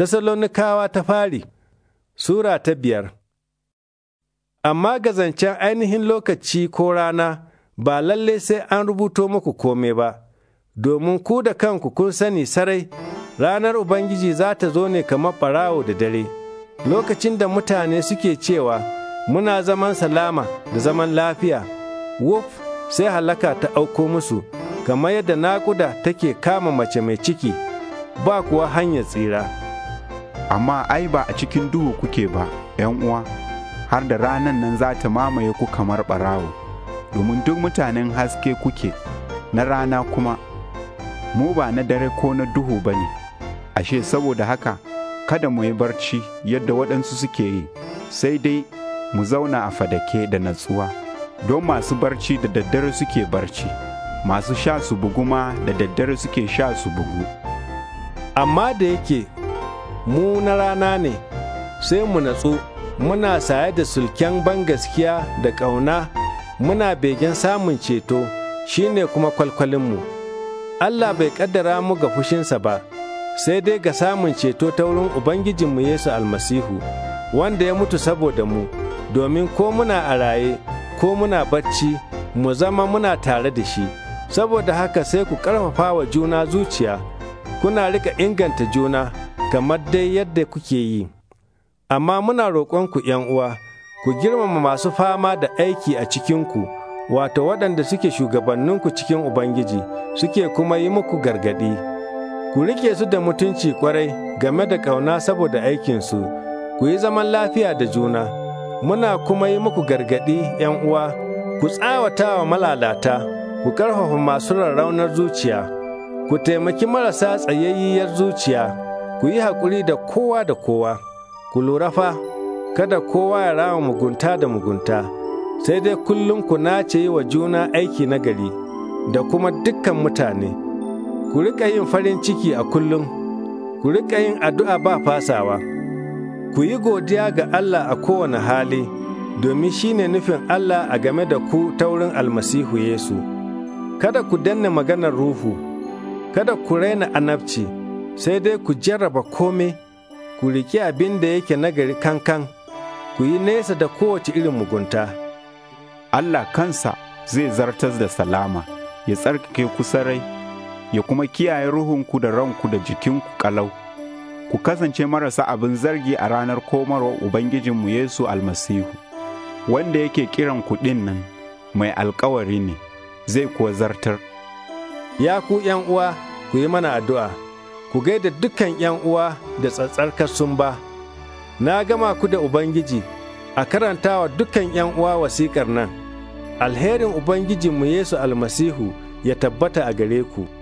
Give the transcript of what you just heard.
Tessalonikawa ta fari Sura ta biyar Amma ga zancen ainihin lokaci ko rana ba lalle sai an rubuto muku kome ba, domin ku da kanku kun sani sarai ranar Ubangiji za ta zo ne kamar ɓarawo da dare, lokacin da mutane suke cewa muna zaman salama da zaman lafiya, wuf sai halaka ta auko musu, kamar yadda naƙuda take kama mace mai ciki, ba kuwa hanyar tsira. amma ai ba a cikin duhu kuke ba, ‘yan uwa, har da ranan nan za ta mamaye ku kamar ɓarawo, domin duk mutanen haske kuke, na rana kuma, mu ba na dare ko na duhu ba ne, ashe saboda haka, kada mu yi barci yadda waɗansu suke yi, sai dai mu zauna a fadake da natsuwa, don masu barci da daddare suke barci, masu sha su bugu ma da daddare suke sha su bugu. Amma da yake mu na rana ne sai mu natsu muna saye da sulken ban gaskiya da ƙauna muna begen samun ceto shine kuma kwalkwalinmu Allah bai ƙaddara mu ga fushinsa ba sai dai ga samun ceto ta wurin Ubangijinmu Yesu almasihu wanda ya mutu saboda mu domin ko muna a raye ko muna bacci mu zama muna tare da shi saboda haka sai ku ƙarfafa wa juna zuciya kuna rika inganta juna kamar dai yadda kuke yi. Amma muna roƙonku uwa, ku girmama masu fama da aiki a cikinku, wato waɗanda suke shugabanninku cikin Ubangiji, suke kuma yi muku gargaɗi. Ku riƙe su da mutunci ƙwarai game da ƙauna saboda aikinsu, ku yi zaman lafiya da juna. Muna kuma yi muku gargaɗi uwa, ku tsawata wa malalata, ku ƙarfafa masu rarraunar zuciya, ku taimaki marasa tsayayyiyar zuciya. ku yi haƙuri da kowa da kowa, ku lura fa, kada kowa ya rama mugunta da mugunta, sai dai kullum ku nace yi wa juna aiki na gari da kuma dukkan mutane. Ku riƙa yin farin ciki a kullum, ku riƙa yin addu'a ba fasawa, ku yi godiya ga Allah a kowane hali, domin shi ne nufin Allah a game da ku ta wurin almasihu Yesu. Kada ku danne maganar Ruhu, kada ku raina anabci. sai dai ku jarraba kome, ku riƙe abin da yake nagari kankan, ku yi nesa da kowace irin mugunta. Allah kansa zai zartas da salama, ya tsarkake ku sarai, ya kuma kiyaye ruhunku da ranku da jikinku kalau. Ku kasance marasa abin zargi a ranar komarwa Ubangijinmu Yesu almasihu, wanda yake kiran kuɗin nan mai alkawari ne, zai kuwa zartar. Ya ku uwa, ku yi mana addu'a. ku gaida dukan ’yan uwa da tsatsarkar ba, Na gama ku da Ubangiji a karantawa dukan ’yan uwa wasikar nan, alherin Ubangijinmu Yesu almasihu ya tabbata a gare ku.